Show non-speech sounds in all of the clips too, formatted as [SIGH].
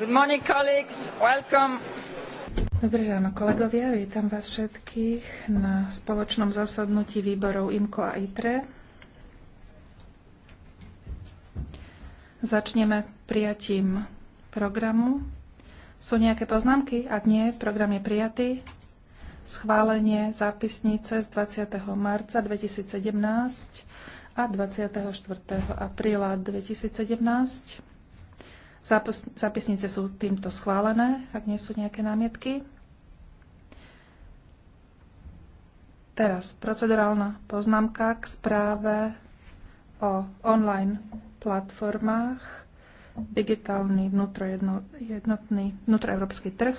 Good morning, colleagues. Welcome. Dobré ráno, kolegovia. Vítam vás všetkých na spoločnom zasadnutí výborov IMCO a ITRE. Začneme prijatím programu. Sú nejaké poznámky? Ak nie, program je prijatý. Schválenie zápisnice z 20. marca 2017 a 24. apríla 2017. Zápisnice sú týmto schválené, ak nie sú nejaké námietky. Teraz procedurálna poznámka k správe o online platformách, digitálny vnútrojednotný vnútroeurópsky trh.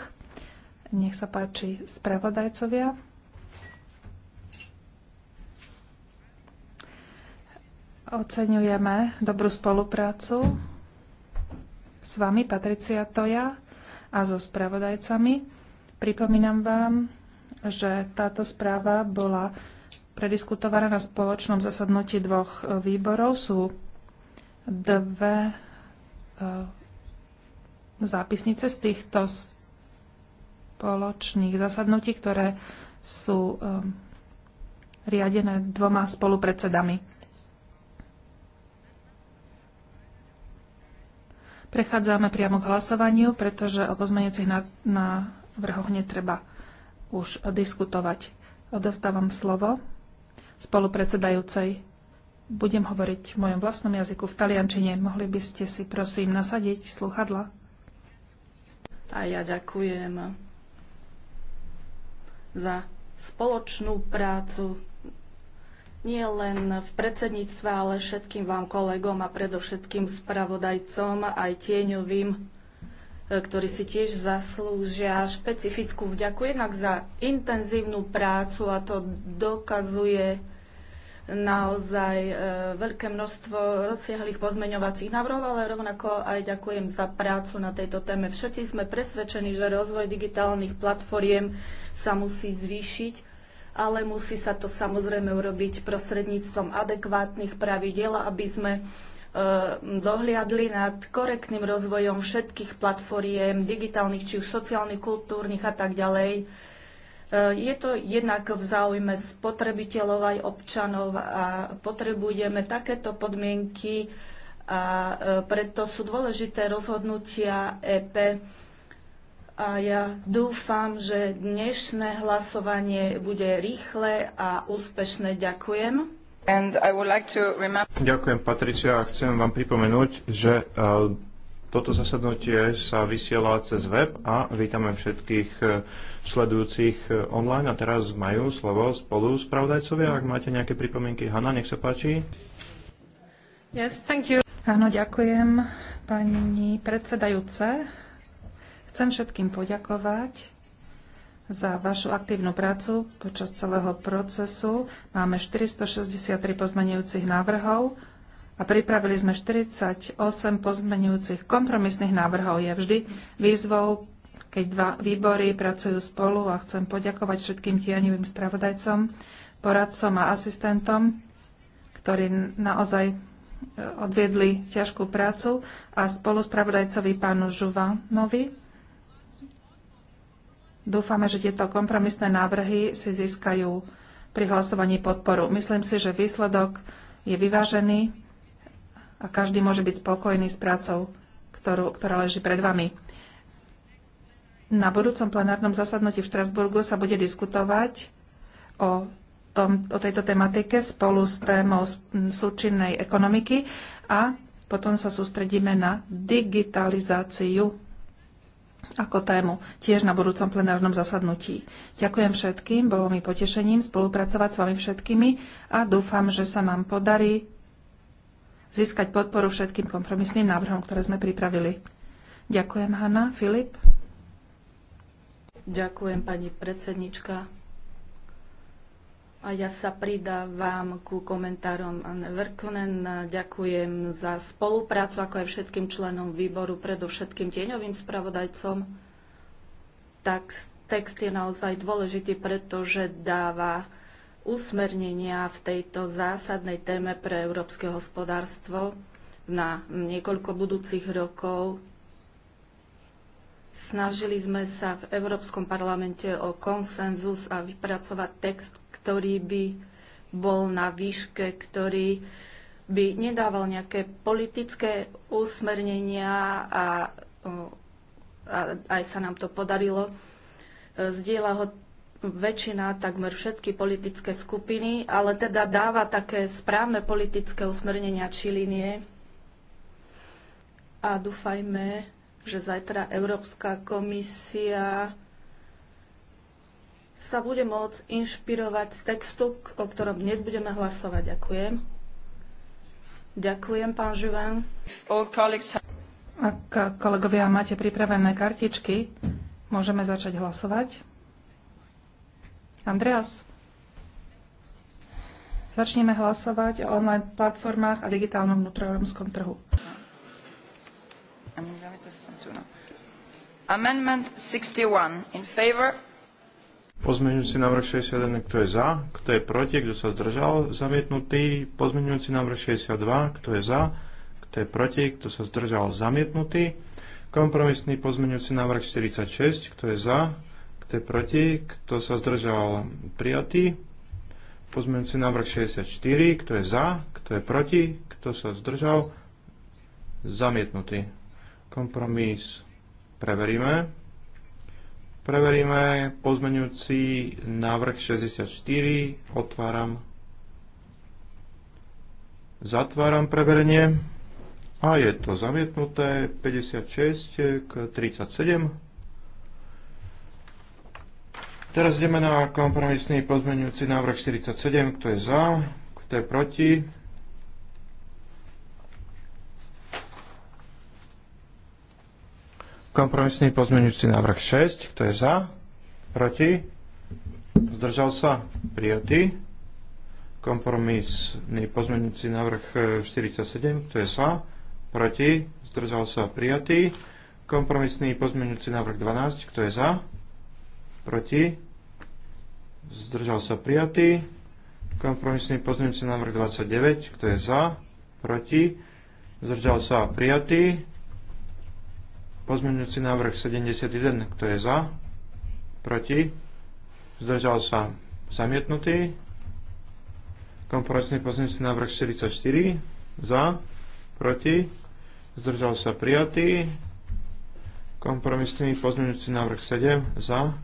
Nech sa páči spravodajcovia. Oceňujeme dobrú spoluprácu s vami, Patricia Toja, a so spravodajcami. Pripomínam vám, že táto správa bola prediskutovaná na spoločnom zasadnutí dvoch e, výborov. Sú dve e, zápisnice z týchto spoločných zasadnutí, ktoré sú e, riadené dvoma spolupredsedami. Prechádzame priamo k hlasovaniu, pretože o na návrhoch netreba už diskutovať. Odovzdávam slovo spolupredsedajúcej. Budem hovoriť v mojom vlastnom jazyku v taliančine. Mohli by ste si prosím nasadiť sluchadla? A ja ďakujem za spoločnú prácu nie len v predsedníctve, ale všetkým vám kolegom a predovšetkým spravodajcom aj tieňovým, e, ktorí si tiež zaslúžia špecifickú vďaku jednak za intenzívnu prácu a to dokazuje naozaj e, veľké množstvo rozsiahlých pozmeňovacích návrhov, ale rovnako aj ďakujem za prácu na tejto téme. Všetci sme presvedčení, že rozvoj digitálnych platformiem sa musí zvýšiť ale musí sa to samozrejme urobiť prostredníctvom adekvátnych pravidel, aby sme e, dohliadli nad korektným rozvojom všetkých platformiem, digitálnych, či už sociálnych, kultúrnych a tak ďalej. E, je to jednak v záujme spotrebiteľov aj občanov a potrebujeme takéto podmienky a e, preto sú dôležité rozhodnutia EP a ja dúfam, že dnešné hlasovanie bude rýchle a úspešné. Ďakujem. Like remember... Ďakujem, Patricia. Chcem vám pripomenúť, že e, toto zasadnutie sa vysiela cez web a vítame všetkých e, sledujúcich e, online. A teraz majú slovo spolu spravodajcovia. Ak máte nejaké pripomienky, Hanna, nech sa páči. Yes, thank you. Áno, ďakujem, pani predsedajúce. Chcem všetkým poďakovať za vašu aktívnu prácu počas celého procesu. Máme 463 pozmenujúcich návrhov a pripravili sme 48 pozmenujúcich kompromisných návrhov. Je vždy výzvou, keď dva výbory pracujú spolu a chcem poďakovať všetkým tieňovým spravodajcom, poradcom a asistentom, ktorí naozaj e, odviedli ťažkú prácu a spoluspravodajcovi pánu Žuvanovi, Dúfame, že tieto kompromisné návrhy si získajú pri hlasovaní podporu. Myslím si, že výsledok je vyvážený a každý môže byť spokojný s prácou, ktorú, ktorá leží pred vami. Na budúcom plenárnom zasadnutí v Štrasburgu sa bude diskutovať o, tom, o tejto tematike spolu s témou súčinnej ekonomiky a potom sa sústredíme na digitalizáciu ako tému tiež na budúcom plenárnom zasadnutí. Ďakujem všetkým, bolo mi potešením spolupracovať s vami všetkými a dúfam, že sa nám podarí získať podporu všetkým kompromisným návrhom, ktoré sme pripravili. Ďakujem, Hanna. Filip? Ďakujem, pani predsednička. A ja sa pridávam ku komentárom Anne Verkonen. Ďakujem za spoluprácu, ako aj všetkým členom výboru, predovšetkým tieňovým spravodajcom. Tak text je naozaj dôležitý, pretože dáva usmernenia v tejto zásadnej téme pre európske hospodárstvo na niekoľko budúcich rokov. Snažili sme sa v Európskom parlamente o konsenzus a vypracovať text, ktorý by bol na výške, ktorý by nedával nejaké politické usmernenia a, a aj sa nám to podarilo. Zdieľa ho väčšina, takmer všetky politické skupiny, ale teda dáva také správne politické usmernenia či linie. A dúfajme, že zajtra Európska komisia sa bude môcť inšpirovať z textu, o ktorom dnes budeme hlasovať. Ďakujem. Ďakujem, pán Živan. Ak kolegovia máte pripravené kartičky, môžeme začať hlasovať. Andreas, začneme hlasovať o online platformách a digitálnom vnútroeurópskom trhu. Amendment 61 in favor Pozmeňujúci návrh 61, kto je za, kto je proti, kto sa zdržal, zamietnutý. Pozmeňujúci návrh 62, kto je za, kto je proti, kto sa zdržal, zamietnutý. Kompromisný pozmeňujúci návrh 46, kto je za, kto je proti, kto sa zdržal, prijatý. Pozmeňujúci návrh 64, kto je za, kto je proti, kto sa zdržal, zamietnutý. Kompromis preveríme. Preveríme pozmeňujúci návrh 64. Otváram. Zatváram preverenie. A je to zamietnuté 56 k 37. Teraz ideme na kompromisný pozmeňujúci návrh 47. Kto je za? Kto je proti? Kompromisný pozmeňujúci návrh 6. Kto je za? Proti? Zdržal sa? Prijatý. Kompromisný pozmeňujúci návrh 47. E, Kto je za? Proti? Zdržal sa? Prijatý. Kompromisný pozmeňujúci návrh 12. Kto je za? Proti? Zdržal sa? Prijatý. Kompromisný pozmeňujúci návrh 29. Kto je za? Proti? Zdržal sa? Prijatý. Pozmeňujúci návrh 71, kto je za? Proti? Zdržal sa zamietnutý. Kompromisný pozmeňujúci návrh 44, za? Proti? Zdržal sa prijatý. Kompromisný pozmeňujúci návrh 7, za?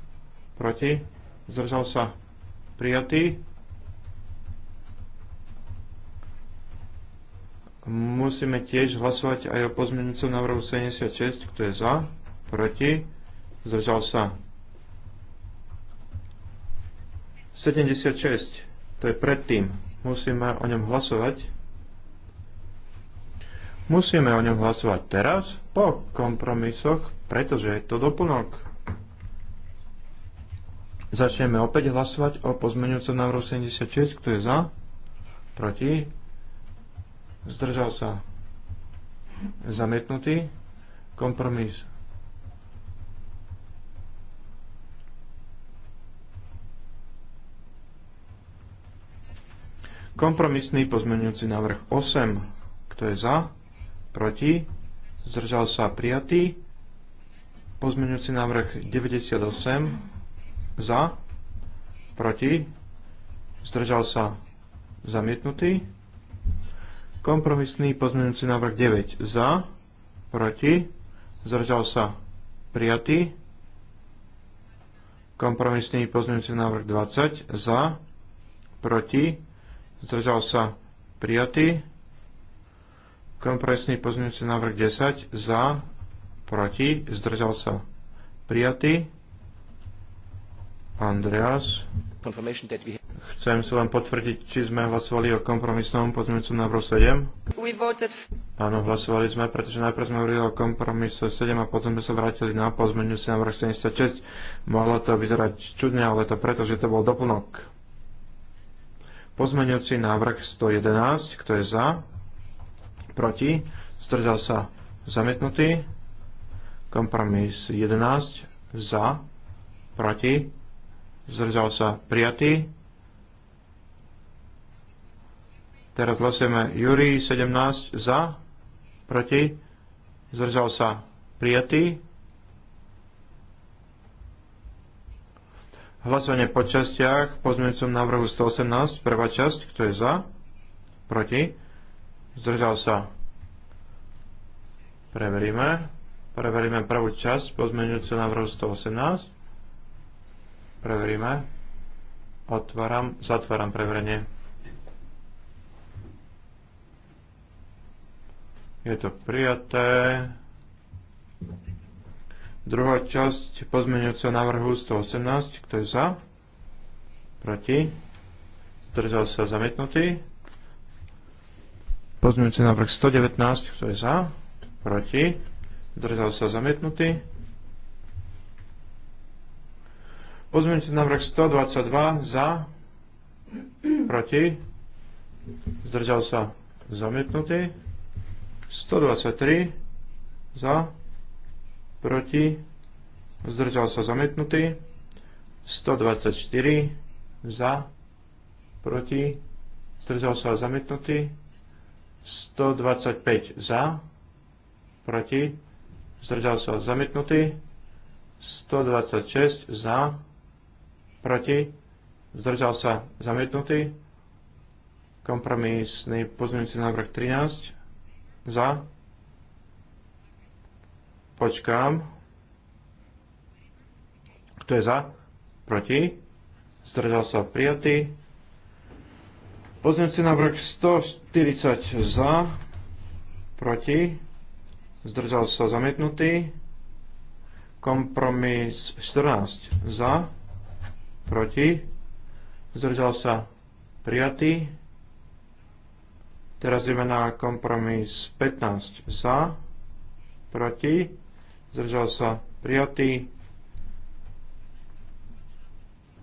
Proti? Zdržal sa prijatý. Musíme tiež hlasovať aj o pozmeňujúcom návrhu 76, kto je za, proti, zdržal sa. 76, to je predtým. Musíme o ňom hlasovať. Musíme o ňom hlasovať teraz, po kompromisoch, pretože je to doplnok. Začneme opäť hlasovať o pozmeňujúcom návrhu 76, kto je za, proti, zdržal sa, zamietnutý, kompromis. Kompromisný pozmeňujúci návrh 8. Kto je za? Proti? Zdržal sa prijatý. Pozmeňujúci návrh 98. Za? Proti? Zdržal sa zamietnutý. Kompromisný pozmeňujúci návrh 9 za, proti, zdržal sa prijatý. Kompromisný pozmeňujúci návrh 20 za, proti, zdržal sa prijatý. Kompromisný pozmeňujúci návrh 10 za, proti, zdržal sa prijatý. Andreas. Confirmation that we Chcem si len potvrdiť, či sme hlasovali o kompromisnom pozmeňujúcom návrhu 7. Áno, hlasovali sme, pretože najprv sme hovorili o kompromise 7 a potom sme sa vrátili na pozmeňujúci návrh 76. Mohlo to vyzerať čudne, ale to preto, že to bol doplnok. Pozmeňujúci návrh 111, kto je za? Proti? Zdržal sa zamietnutý. Kompromis 11, za? Proti? Zdržal sa prijatý. Teraz hlasujeme Júri 17 za, proti, zdržal sa prijatý. Hlasovanie po častiach pozmeňujúcom návrhu 118, prvá časť, kto je za, proti, zdržal sa. Preveríme. Preveríme prvú časť pozmeňujúceho návrhu 118. Preveríme. Otváram, zatváram preverenie. Je to prijaté. Druhá časť pozmeňujúceho návrhu 118. Kto je za? Proti? Zdržal sa zamietnutý. Pozmeňujúci návrh 119. Kto je za? Proti? Zdržal sa zamietnutý. Pozmeňujúci návrh 122. Za? Proti? Zdržal sa zamietnutý. 123 za, proti, zdržal sa zamietnutý, 124 za, proti, zdržal sa zamietnutý, 125 za, proti, zdržal sa zamietnutý, 126 za, proti, zdržal sa zamietnutý, kompromisný pozmeňujúci návrh 13 za. Počkám. Kto je za? Proti. Zdržal sa prijatý. na návrh 140 za, proti, zdržal sa zamietnutý. Kompromis 14 za, proti, zdržal sa prijatý. Teraz ideme na kompromis 15 za, proti, zdržal sa prijatý.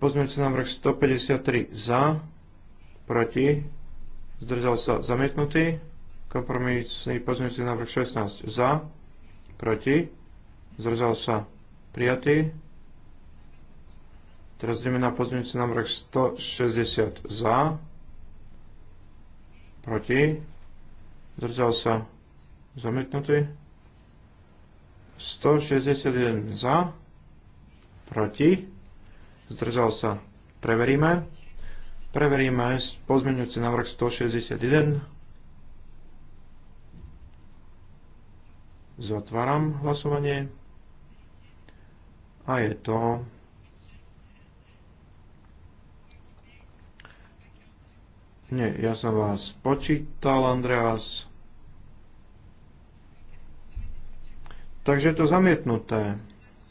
Pozmeňujúci návrh 153 za, proti, zdržal sa zamietnutý. Kompromisný pozmeňujúci návrh 16 za, proti, zdržal sa prijatý. Teraz ideme na pozmeňujúci návrh 160 za, proti, proti, zdržal sa zamietnutý, 161 za, proti, zdržal sa, preveríme, preveríme pozmeňujúci návrh 161, zatváram hlasovanie a je to Nie, ja som vás počítal, Andreas. Takže je to zamietnuté.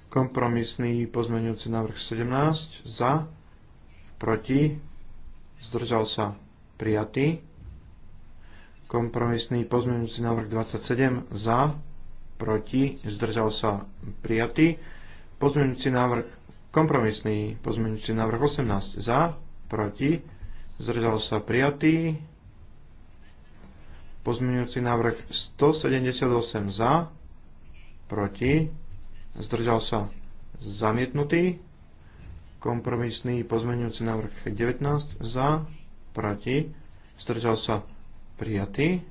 Kompromisný pozmeňujúci návrh 17 za, proti, zdržal sa prijatý. Kompromisný pozmeňujúci návrh 27 za, proti, zdržal sa prijatý. Pozmeňujúci návrh kompromisný pozmeňujúci návrh 18 za, proti, zdržal sa prijatý. Pozmeňujúci návrh 178 za, proti, zdržal sa zamietnutý. Kompromisný pozmeňujúci návrh 19 za, proti, zdržal sa prijatý.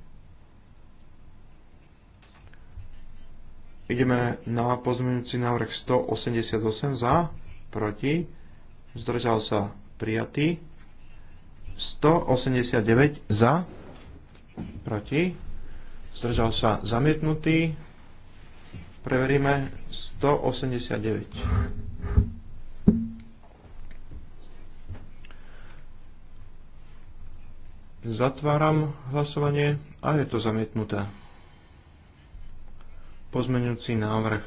Ideme na pozmeňujúci návrh 188 za, proti, zdržal sa prijatý. 189 za, proti, zdržal sa zamietnutý, preveríme 189. Zatváram hlasovanie a je to zamietnuté. Pozmeňujúci návrh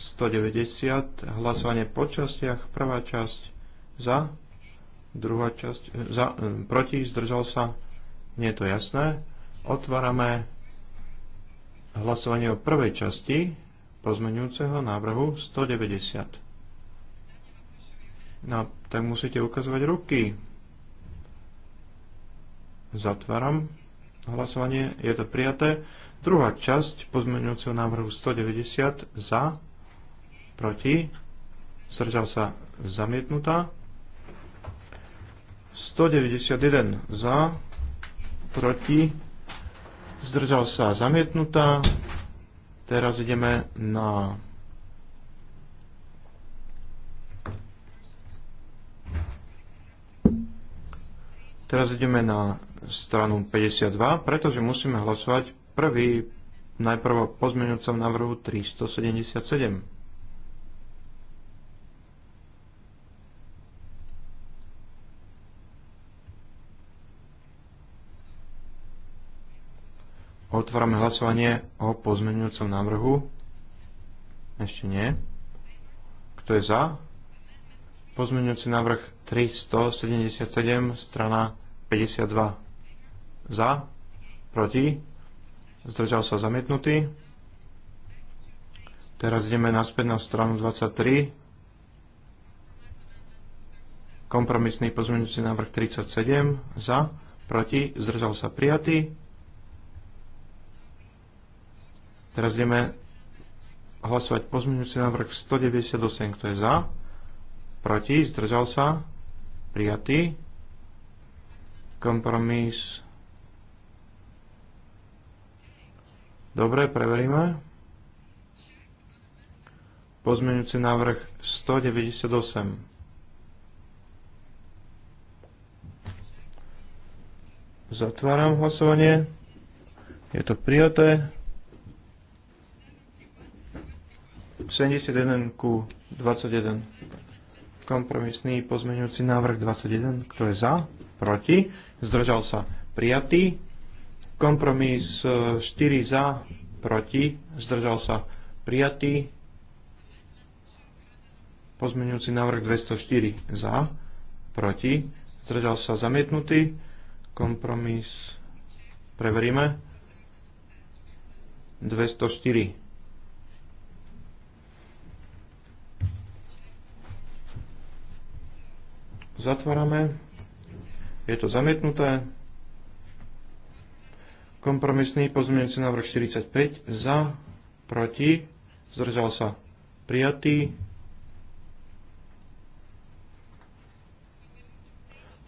190, hlasovanie po častiach, prvá časť za, Druhá časť. E, za, e, proti, zdržal sa. Nie je to jasné. Otvárame hlasovanie o prvej časti pozmenujúceho návrhu 190. No, tak musíte ukazovať ruky. Zatváram hlasovanie. Je to prijaté. Druhá časť pozmenujúceho návrhu 190 za, proti, zdržal sa zamietnutá. 191 za, proti, zdržal sa zamietnutá. Teraz ideme na Teraz ideme na stranu 52, pretože musíme hlasovať prvý, najprv o pozmeňujúcom návrhu 377. Otvárame hlasovanie o pozmenujúcom návrhu. Ešte nie. Kto je za? Pozmenujúci návrh 377, strana 52. Za? Proti? Zdržal sa zamietnutý. Teraz ideme naspäť na stranu 23. Kompromisný pozmeňujúci návrh 37 za, proti, zdržal sa prijatý. Teraz ideme hlasovať pozmeňujúci návrh 198, kto je za, proti, zdržal sa, prijatý, kompromis, dobre, preveríme, pozmeňujúci návrh 198. Zatváram hlasovanie. Je to prijaté. 71 ku 21. Kompromisný pozmeňujúci návrh 21. Kto je za? Proti? Zdržal sa? Prijatý. Kompromis 4 e, za? Proti? Zdržal sa? Prijatý. Pozmeňujúci návrh 204 za? Proti? Zdržal sa? Zamietnutý. Kompromis. Preveríme. 204. Zatvárame. Je to zamietnuté. Kompromisný pozmeňujúci návrh 45 za, proti, zdržal sa prijatý.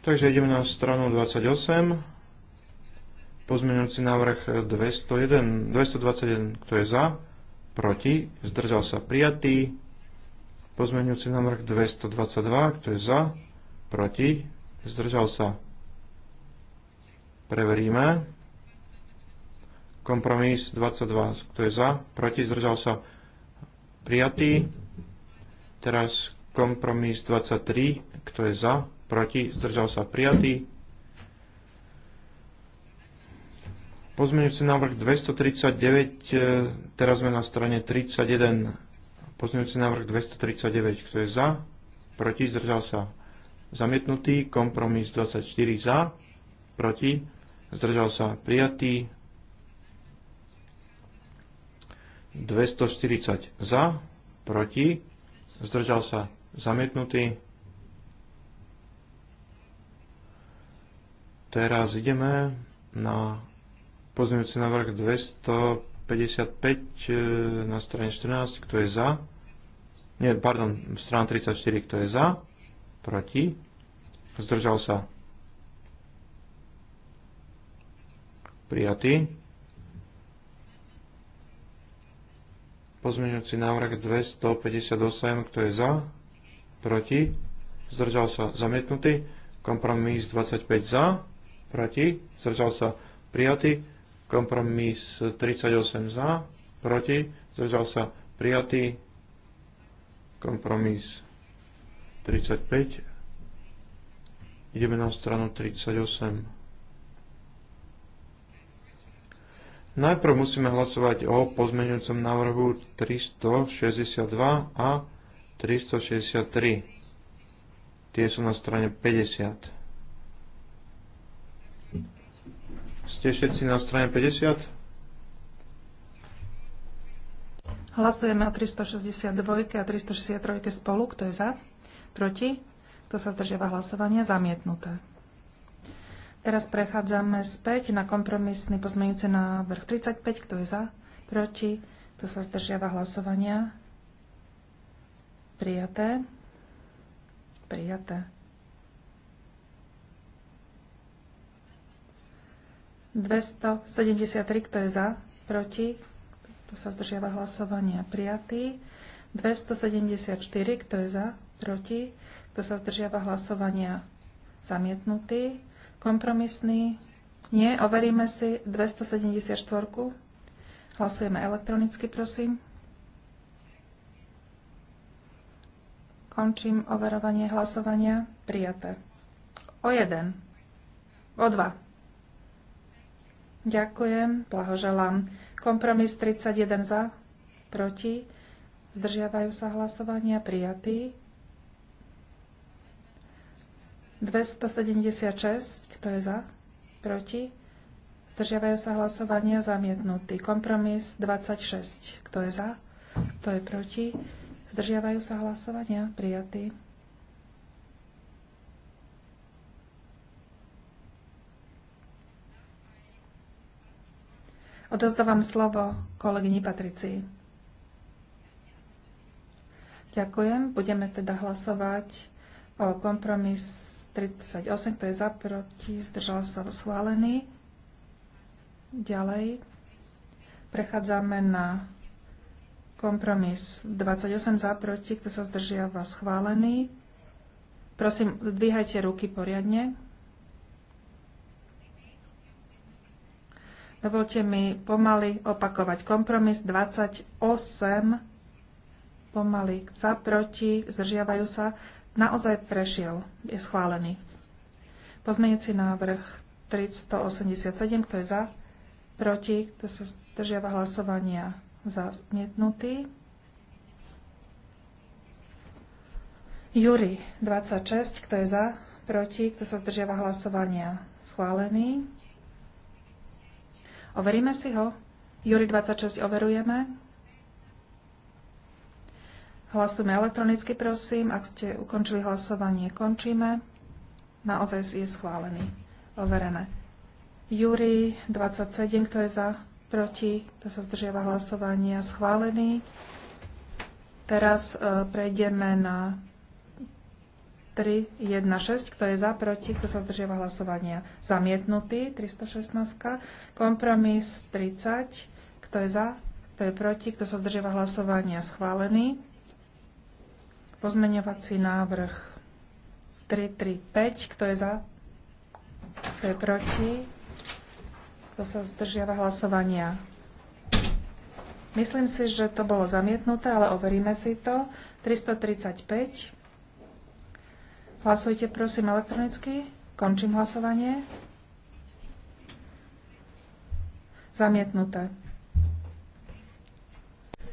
Takže ideme na stranu 28. Pozmeňujúci návrh 201, 221, kto je za, proti, zdržal sa prijatý. Pozmeňujúci návrh 222, kto je za, Proti? Zdržal sa. Preveríme. Kompromis 22. Kto je za? Proti? Zdržal sa. Prijatý. Teraz kompromis 23. Kto je za? Proti? Zdržal sa. Prijatý. Pozmeňujúci návrh 239, e, teraz sme na strane 31. Pozmeňujúci návrh 239, kto je za? Proti? Zdržal sa zamietnutý, kompromis 24 za, proti, zdržal sa prijatý, 240 za, proti, zdržal sa zamietnutý. Teraz ideme na pozmeňujúci návrh 255 e, na strane 14, kto je za. Nie, pardon, strana 34, kto je za, proti, zdržal sa, prijatý. Pozmeňujúci návrh 258, kto je za, proti, zdržal sa, zamietnutý. Kompromis 25 za, proti, zdržal sa, prijatý. Kompromis 38 za, proti, zdržal sa, prijatý. Kompromis 35. Ideme na stranu 38. Najprv musíme hlasovať o pozmeňujúcom návrhu 362 a 363. Tie sú na strane 50. Ste všetci na strane 50? Hlasujeme o 362 a 363 spolu. Kto je za? Proti? Kto sa zdržiava hlasovania? Zamietnuté. Teraz prechádzame späť na kompromisný pozmeňujúci návrh 35. Kto je za? Proti? Kto sa zdržiava hlasovania? Prijaté. Prijaté. 273, kto je za? Proti? Kto sa zdržiava hlasovania? Prijatý. 274, kto je za? proti, kto sa zdržiava hlasovania zamietnutý, kompromisný, nie, overíme si 274. Hlasujeme elektronicky, prosím. Končím overovanie hlasovania. Prijaté. O jeden. O dva. Ďakujem, blahoželám. Kompromis 31 za, proti, zdržiavajú sa hlasovania, prijatý. 276, kto je za? Proti? Zdržiavajú sa hlasovania zamietnutý. Kompromis 26, kto je za? Kto je proti? Zdržiavajú sa hlasovania prijatý. Odozdávam slovo kolegyni Patricii. Ďakujem. Budeme teda hlasovať o kompromis 38, kto je za, proti, zdržal sa schválený. Ďalej prechádzame na kompromis 28 za, proti, kto sa zdržiava schválený. Prosím, dvíhajte ruky poriadne. Dovolte mi pomaly opakovať kompromis 28 pomaly za, proti, zdržiavajú sa naozaj prešiel, je schválený. Pozmeňujúci návrh 387, kto je za, proti, kto sa zdržiava hlasovania zmietnutý. Juri 26, kto je za, proti, kto sa zdržiava hlasovania schválený. Overíme si ho. Juri 26 overujeme. Hlasujeme elektronicky, prosím. Ak ste ukončili hlasovanie, končíme. Naozaj je schválený. Overené. Júri 27, kto je za, proti, kto sa zdržiava hlasovania, schválený. Teraz e, prejdeme na 3, 1, 6, kto je za, proti, kto sa zdržiava hlasovania, zamietnutý, 316. Kompromis 30, kto je za, kto je proti, kto sa zdržiava hlasovania, schválený. Pozmeňovací návrh 335. Kto je za? Kto je proti? Kto sa zdržiava hlasovania? Myslím si, že to bolo zamietnuté, ale overíme si to. 335. Hlasujte prosím elektronicky. Končím hlasovanie. Zamietnuté.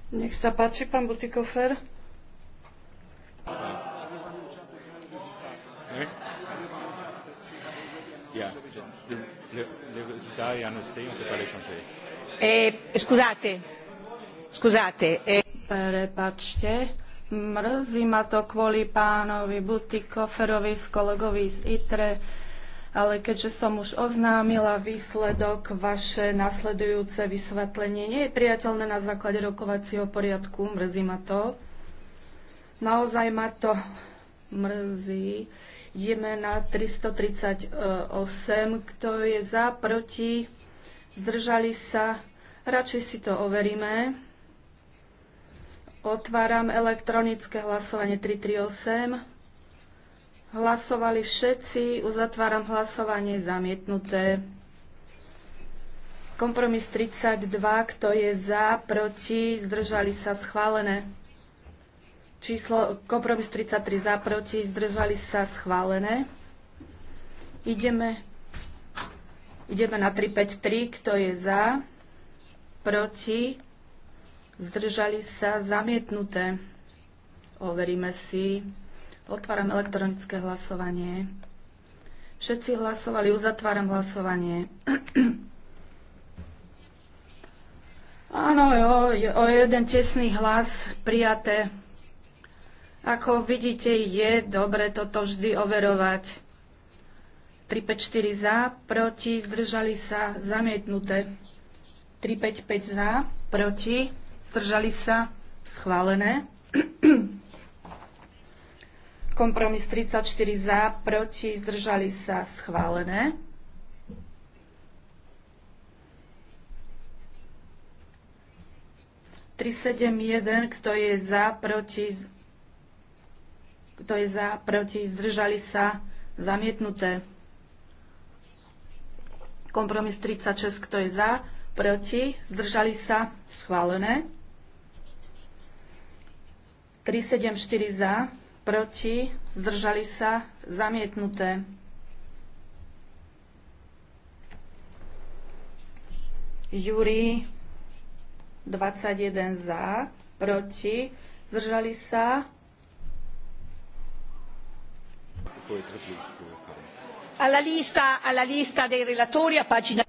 Nech sa páči, pán Butikofer. Eh, scusate, scusate. Eh. Prepačte, mrzí ma to kvôli pánovi Butikoferovi z kolegovi z ITRE, ale keďže som už oznámila výsledok, vaše nasledujúce vysvetlenie nie je priateľné na základe rokovacieho poriadku, mrzí ma to. Naozaj ma to mrzí. Ideme na 338, kto je za, proti, zdržali sa. Radšej si to overíme. Otváram elektronické hlasovanie 338. Hlasovali všetci, uzatváram hlasovanie zamietnuté. Kompromis 32, kto je za, proti, zdržali sa schválené. Číslo kompromis 33 za, proti, zdržali sa schválené. Ideme, ideme na 353, kto je za, proti, zdržali sa zamietnuté. Overíme si. Otváram elektronické hlasovanie. Všetci hlasovali, uzatváram hlasovanie. [CLEARS THROAT] Áno, o, o jeden tesný hlas prijaté. Ako vidíte, je dobre toto vždy overovať. 3, 5, 4 za, proti, zdržali sa, zamietnuté. 3, 5, 5 za, proti, zdržali sa, schválené. [CLEARS THROAT] Kompromis 34 za, proti, zdržali sa, schválené. Tri, sedem, jeden, kto je za, proti, kto je za, proti, zdržali sa, zamietnuté. Kompromis 36, kto je za, proti, zdržali sa, schválené. 374 za, proti, zdržali sa, zamietnuté. 21 za, proti, zdržali sa, Alla lista, alla lista dei relatori a pagina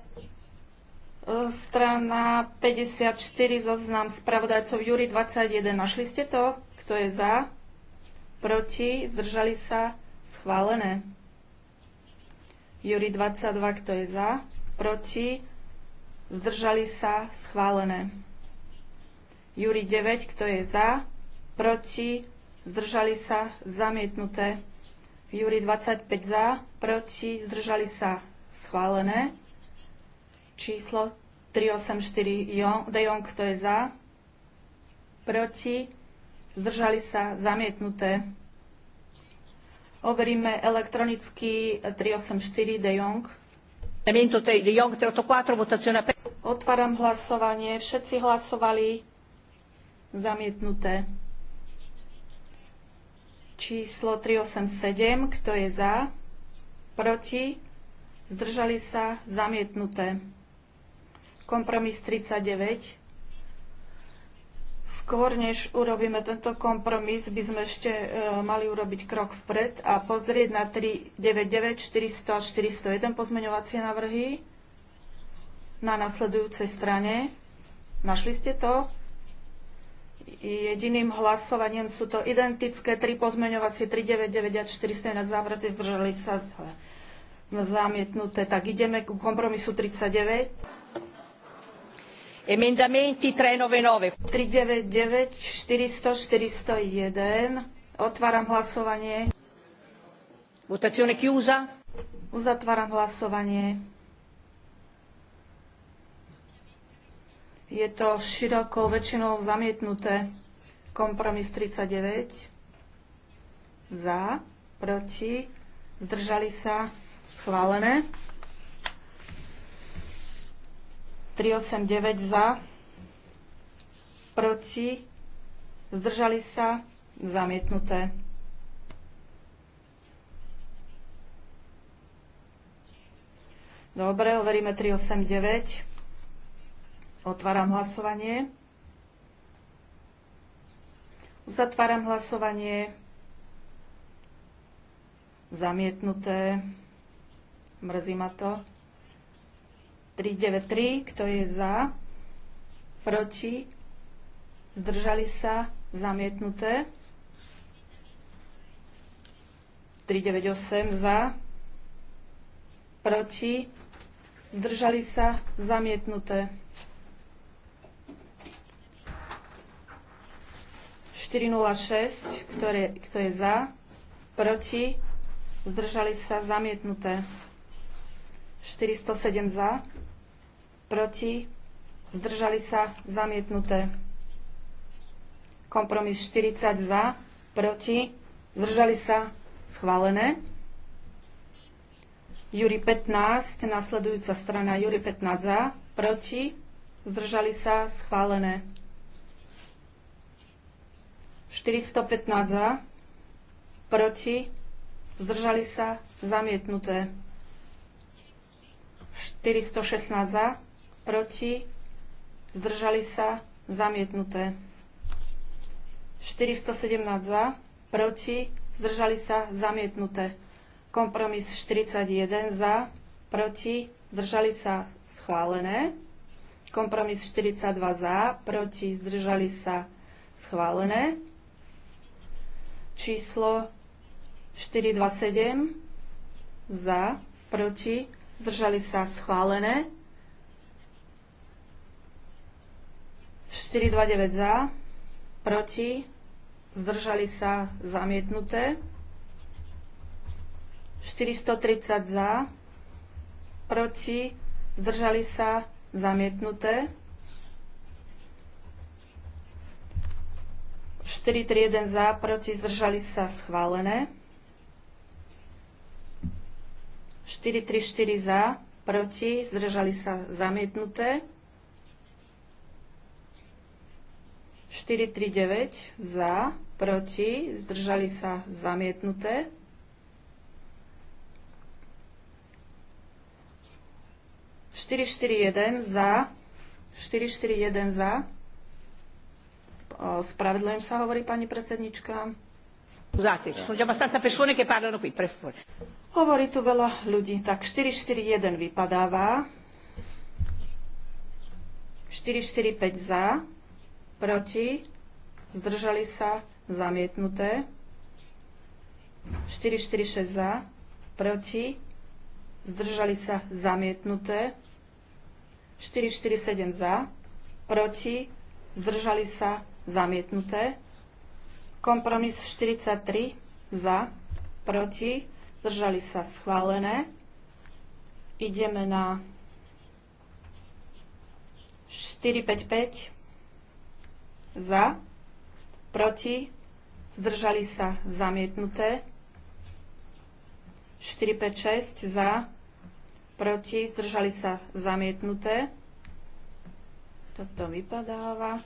strana 54, zoznam spravodajcov Júri 21. Našli ste to? Kto je za? Proti? Zdržali sa? Schválené. Júri 22, kto je za? Proti? Zdržali sa? Schválené. Júri 9, kto je za? Proti? Zdržali sa? Zamietnuté. Júri 25 za, proti, zdržali sa schválené. Číslo 384 De Jong, kto je za, proti, zdržali sa zamietnuté. Overíme elektronicky 384 De Jong. Otváram hlasovanie. Všetci hlasovali zamietnuté číslo 387. Kto je za? Proti? Zdržali sa? Zamietnuté. Kompromis 39. Skôr než urobíme tento kompromis, by sme ešte e, mali urobiť krok vpred a pozrieť na 399, 400 a 401 pozmeňovacie návrhy na nasledujúcej strane. Našli ste to? jediným hlasovaním. Sú to identické tri pozmeňovacie 399 a 411 závraty, zdržali sa zamietnuté. Tak ideme ku kompromisu 39. Emendamenti 399. 399, 400, 401. Otváram hlasovanie. Votazione chiusa. Uzatváram hlasovanie. Je to širokou väčšinou zamietnuté. Kompromis 39. Za, proti, zdržali sa, schválené. 389 za, proti, zdržali sa, zamietnuté. Dobre, overíme 389. Otváram hlasovanie. Uzatváram hlasovanie. Zamietnuté. Mrzí ma to. 393, kto je za? Proti? Zdržali sa? Zamietnuté. 398 za, proti, zdržali sa, zamietnuté. 406, ktoré, kto je za, proti, zdržali sa zamietnuté. 407 za, proti, zdržali sa zamietnuté. Kompromis 40 za, proti, zdržali sa schválené. Júri 15, nasledujúca strana Júri 15 za, proti, zdržali sa schválené. 415 za, proti, zdržali sa, zamietnuté. 416 za, proti, zdržali sa, zamietnuté. 417 za, proti, zdržali sa, zamietnuté. Kompromis 41 za, proti, zdržali sa, schválené. Kompromis 42 za, proti, zdržali sa, schválené číslo 427 za, proti, zdržali sa schválené. 429 za, proti, zdržali sa zamietnuté. 430 za, proti, zdržali sa zamietnuté. 1 za, proti, zdržali sa schválené. 4 za, proti, zdržali sa zamietnuté. 9 za, proti, zdržali sa zamietnuté. 1 za, 441 za, Spravedlňujem sa, hovorí pani predsednička. Hovorí tu veľa ľudí. Tak 441 vypadáva. 445 za, proti, zdržali sa, zamietnuté. 4 6 za, proti, zdržali sa, zamietnuté. 447 za, proti, zdržali sa, zamietnuté. Kompromis 43 za, proti, zdržali sa schválené. Ideme na 455 za, proti, zdržali sa zamietnuté. 456 za, proti, zdržali sa zamietnuté. Toto vypadáva.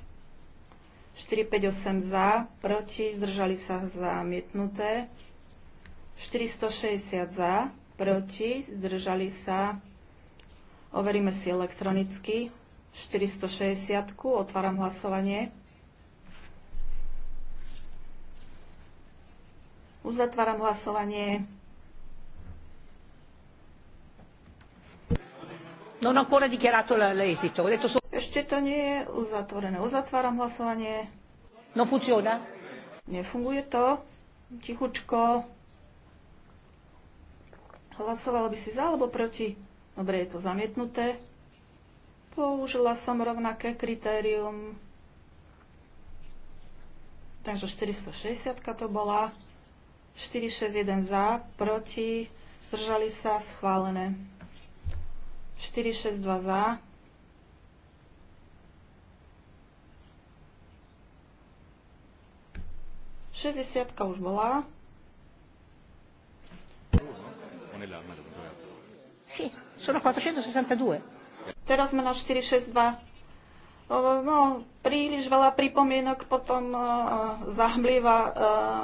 458 za, proti, zdržali sa zamietnuté. 460 za, proti, zdržali sa. Overíme si elektronicky. 460, otváram hlasovanie. Uzatváram hlasovanie. No, no, ancora dichiarato l'esito. Ho detto solo... Ešte to nie je uzatvorené. Uzatváram hlasovanie. No funziona? Nefunguje to. Tichučko. Hlasovala by si za alebo proti? Dobre, je to zamietnuté. Použila som rovnaké kritérium. Takže 460 to bola. 461 za, proti, zdržali sa, schválené. 462 za. Šesťdesiatka už bola. Sì, sono 462. Teraz sme na 462. No, príliš veľa pripomienok potom uh, zahmlieva uh,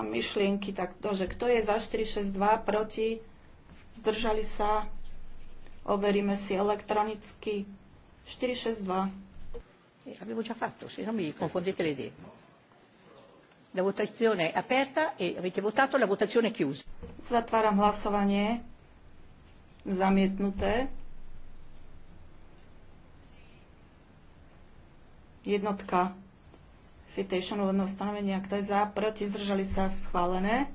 myšlienky. Tak, že kto je za 462 proti? Zdržali sa? Overíme si elektronicky 462. L'avevo già fatto, se non mi confondete le idee. La votazione è aperta e avete votato, la votazione è chiusa. Zatváram hlasovanie. Zamietnuté. Jednotka citation úvodného stanovenia. Kto je za, proti, zdržali sa, schválené.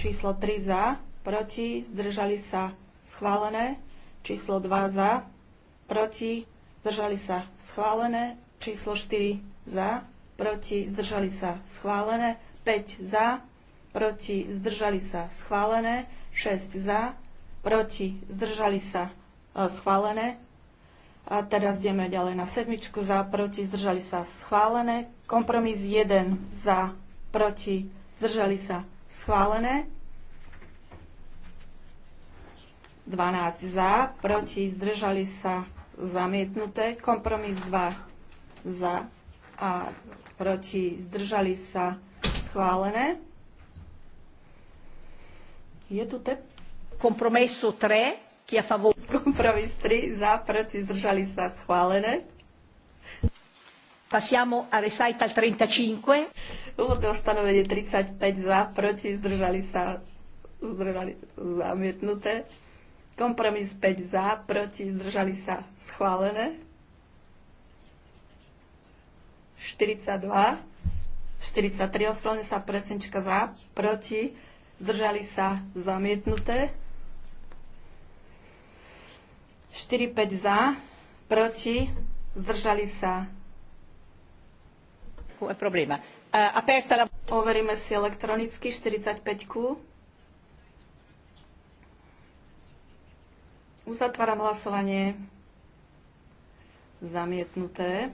Číslo 3 za, proti, zdržali sa, schválené schválené, číslo 2 za, proti, zdržali sa, schválené, číslo 4 za, proti, zdržali sa, schválené, 5 za, proti, zdržali sa, schválené, 6 za, proti, zdržali sa, e, schválené. A teraz ideme ďalej na sedmičku za, proti, zdržali sa, schválené. Kompromis 1 za, proti, zdržali sa, schválené. 12 za, proti, zdržali sa zamietnuté. Kompromis 2 za a proti, zdržali sa schválené. Je tu te... Kompromisu 3, je favor. Kompromis 3 za, proti, zdržali sa schválené. Passiamo a recital 35. Úvodné stanovenie 35 za, proti, zdržali sa zdržali, zamietnuté. Kompromis 5 za, proti, zdržali sa schválené. 42, 43, ospravedlňuje sa predsednička za, proti, zdržali sa zamietnuté. 4, 5 za, proti, zdržali sa. Problema. Overíme si elektronicky 45 ku. Uzatváram hlasovanie. Zamietnuté.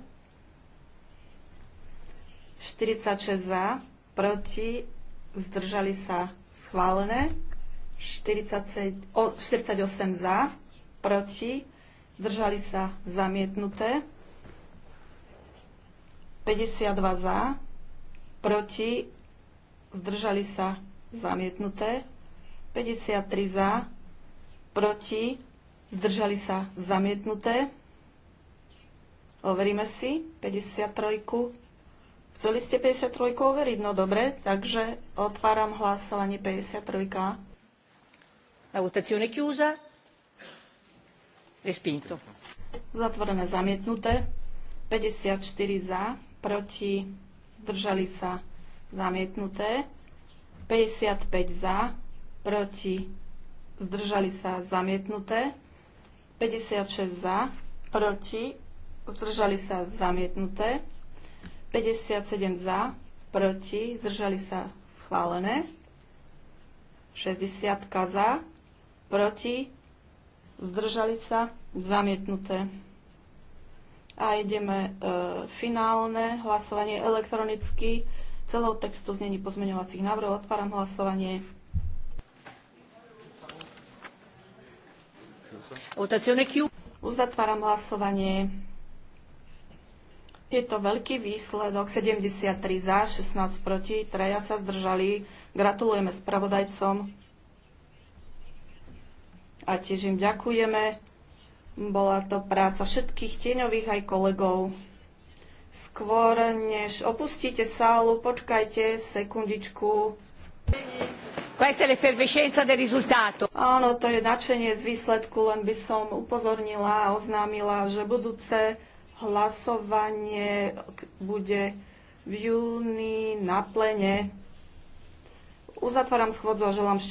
46 za, proti, zdržali sa schválené. 48 za, proti, zdržali sa zamietnuté. 52 za, proti, zdržali sa zamietnuté. 53 za, proti, zdržali sa zamietnuté. Overíme si 53. Chceli ste 53 overiť? No dobre, takže otváram hlasovanie 53. La votazione chiusa. Respinto. Zatvorené zamietnuté. 54 za, proti, zdržali sa zamietnuté. 55 za, proti, zdržali sa zamietnuté. 56 za, proti, zdržali sa zamietnuté. 57 za, proti, zdržali sa schválené. 60 za, proti, zdržali sa zamietnuté. A ideme e, finálne hlasovanie elektronicky celou textu znení pozmeňovacích návrhov. Otváram hlasovanie. Uzatváram hlasovanie. Je to veľký výsledok, 73 za, 16 proti, traja sa zdržali. Gratulujeme spravodajcom a tiež im ďakujeme. Bola to práca všetkých tieňových aj kolegov. Skôr než opustíte sálu, počkajte sekundičku. Questa è l'effervescenza del risultato. Áno, to je nadšenie z výsledku, len by som upozornila a oznámila, že budúce hlasovanie bude v júni na plene. Uzatváram schôdzu a želám